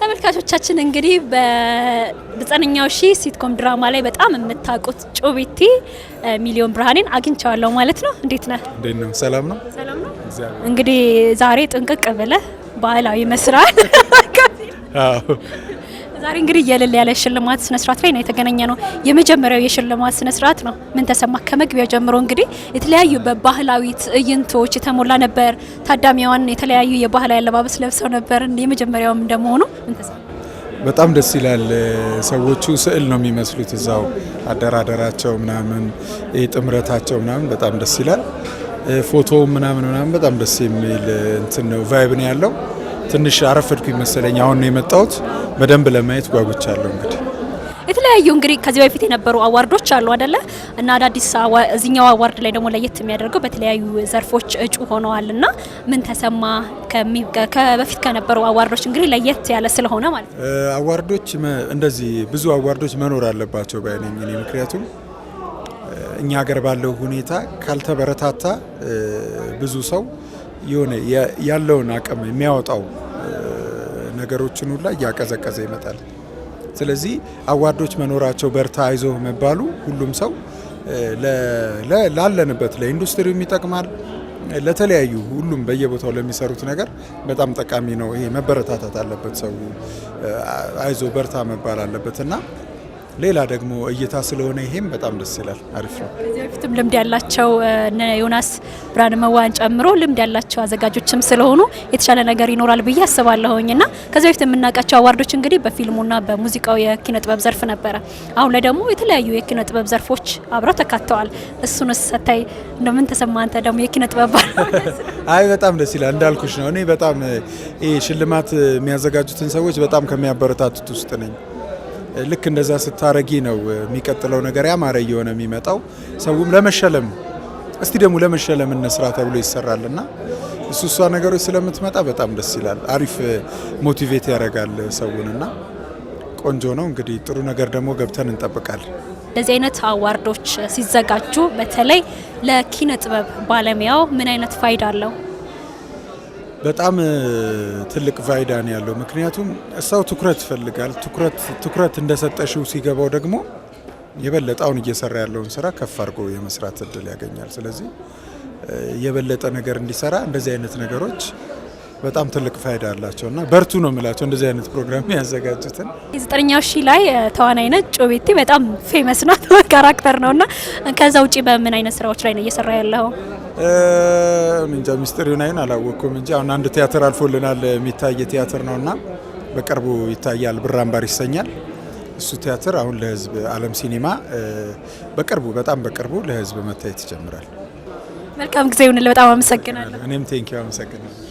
ተመልካቾቻችን እንግዲህ በዘጠነኛው ሺህ ሲትኮም ድራማ ላይ በጣም የምታውቁት ጩቤቴ ሚሊዮን ብርሃኔን አግኝቸዋለሁ ማለት ነው። እንዴት ነህ? እንዴት ነው? ሰላም ነው። እንግዲህ ዛሬ ጥንቅቅ ብለህ ባህላዊ መስራል ዛሬ እንግዲህ የልል ያለ ሽልማት ስነስርዓት ላይ ነው የተገናኘ ነው። የመጀመሪያው የሽልማት ስነስርዓት ነው። ምን ተሰማ? ከመግቢያው ጀምሮ እንግዲህ የተለያዩ በባህላዊ ትዕይንቶች የተሞላ ነበር። ታዳሚዋን የተለያዩ የባህላዊ አለባበስ ለብሰው ነበር። የመጀመሪያውም እንደመሆኑ ምን ተሰማ? በጣም ደስ ይላል። ሰዎቹ ስዕል ነው የሚመስሉት እዛው አደራደራቸው ምናምን ጥምረታቸው ምናምን በጣም ደስ ይላል። ፎቶ ምናምን ምናምን በጣም ደስ የሚል እንትን ነው ቫይብ ነው ያለው ትንሽ አረፈድኩ ይመስለኝ። አሁን ነው የመጣሁት። በደንብ ለማየት ጓጉቻለሁ። እንግዲህ የተለያዩ እንግዲህ ከዚህ በፊት የነበሩ አዋርዶች አሉ አደለ? እና አዳዲስ እዚኛው አዋርድ ላይ ደግሞ ለየት የሚያደርገው በተለያዩ ዘርፎች እጩ ሆነዋል እና ምን ተሰማ? በፊት ከነበሩ አዋርዶች እንግዲህ ለየት ያለ ስለሆነ ማለት ነው። አዋርዶች እንደዚህ ብዙ አዋርዶች መኖር አለባቸው ባይነኝ እኔ ምክንያቱም እኛ ሀገር ባለው ሁኔታ ካልተበረታታ ብዙ ሰው የሆነ ያለውን አቅም የሚያወጣው ነገሮችን ሁላ እያቀዘቀዘ ይመጣል። ስለዚህ አዋርዶች መኖራቸው በርታ አይዞ መባሉ ሁሉም ሰው ላለንበት ለኢንዱስትሪውም ይጠቅማል፣ ለተለያዩ ሁሉም በየቦታው ለሚሰሩት ነገር በጣም ጠቃሚ ነው። ይሄ መበረታታት አለበት። ሰው አይዞ በርታ መባል አለበት እና ሌላ ደግሞ እይታ ስለሆነ ይሄም በጣም ደስ ይላል። አሪፍ ነው። ከዚህ በፊትም ልምድ ያላቸው ዮናስ ብርሃነ መዋን ጨምሮ ልምድ ያላቸው አዘጋጆችም ስለሆኑ የተሻለ ነገር ይኖራል ብዬ አስባለሁኝ እና ከዚህ በፊት የምናውቃቸው አዋርዶች እንግዲህ በፊልሙና በሙዚቃው የኪነ ጥበብ ዘርፍ ነበረ። አሁን ላይ ደግሞ የተለያዩ የኪነ ጥበብ ዘርፎች አብረው ተካተዋል። እሱን ስታይ እንደምን ተሰማ? አንተ ደግሞ የኪነ ጥበብ አይ በጣም ደስ ይላል። እንዳልኩሽ ነው እኔ በጣም ይሄ ሽልማት የሚያዘጋጁትን ሰዎች በጣም ከሚያበረታቱት ውስጥ ነኝ። ልክ እንደዛ ስታረጊ ነው የሚቀጥለው ነገር ያማረ እየሆነ የሚመጣው። ሰውም ለመሸለም እስቲ ደግሞ ለመሸለም እንስራ ተብሎ ይሰራል እና እሱ እሷ ነገሮች ስለምትመጣ በጣም ደስ ይላል። አሪፍ ሞቲቬት ያደርጋል ሰውንና ቆንጆ ነው። እንግዲህ ጥሩ ነገር ደግሞ ገብተን እንጠብቃለን። እንደዚህ አይነት አዋርዶች ሲዘጋጁ በተለይ ለኪነ ጥበብ ባለሙያው ምን አይነት ፋይዳ አለው? በጣም ትልቅ ፋይዳ ነው ያለው። ምክንያቱም ሰው ትኩረት ይፈልጋል። ትኩረት እንደሰጠሽው ሲገባው ደግሞ አሁን እየሰራ ያለውን ስራ ከፍ አድርጎ የመስራት እድል ያገኛል። ስለዚህ የበለጠ ነገር እንዲሰራ እንደዚህ አይነት ነገሮች በጣም ትልቅ ፋይዳ አላቸው እና በርቱ ነው የምላቸው እንደዚህ አይነት ፕሮግራም ያዘጋጁትን። የዘጠነኛው ሺ ላይ ተዋናይ ነች ጮቤቴ በጣም ፌመስ ናት፣ ካራክተር ነው እና ከዛ ውጭ በምን አይነት ስራዎች ላይ ነው እየሰራ ያለው? እንጃ ሚስጥር ዩናይን አላወቅኩም እንጂ አሁን አንድ ቲያትር አልፎልናል። የሚታይ ቲያትር ነው እና በቅርቡ ይታያል። ብር አምባር ይሰኛል። እሱ ቲያትር አሁን ለህዝብ አለም ሲኒማ በቅርቡ በጣም በቅርቡ ለህዝብ መታየት ይጀምራል። መልካም ጊዜ ይሁንልህ። በጣም አመሰግናለሁ። እኔም ቴንኪው አመሰግናለሁ።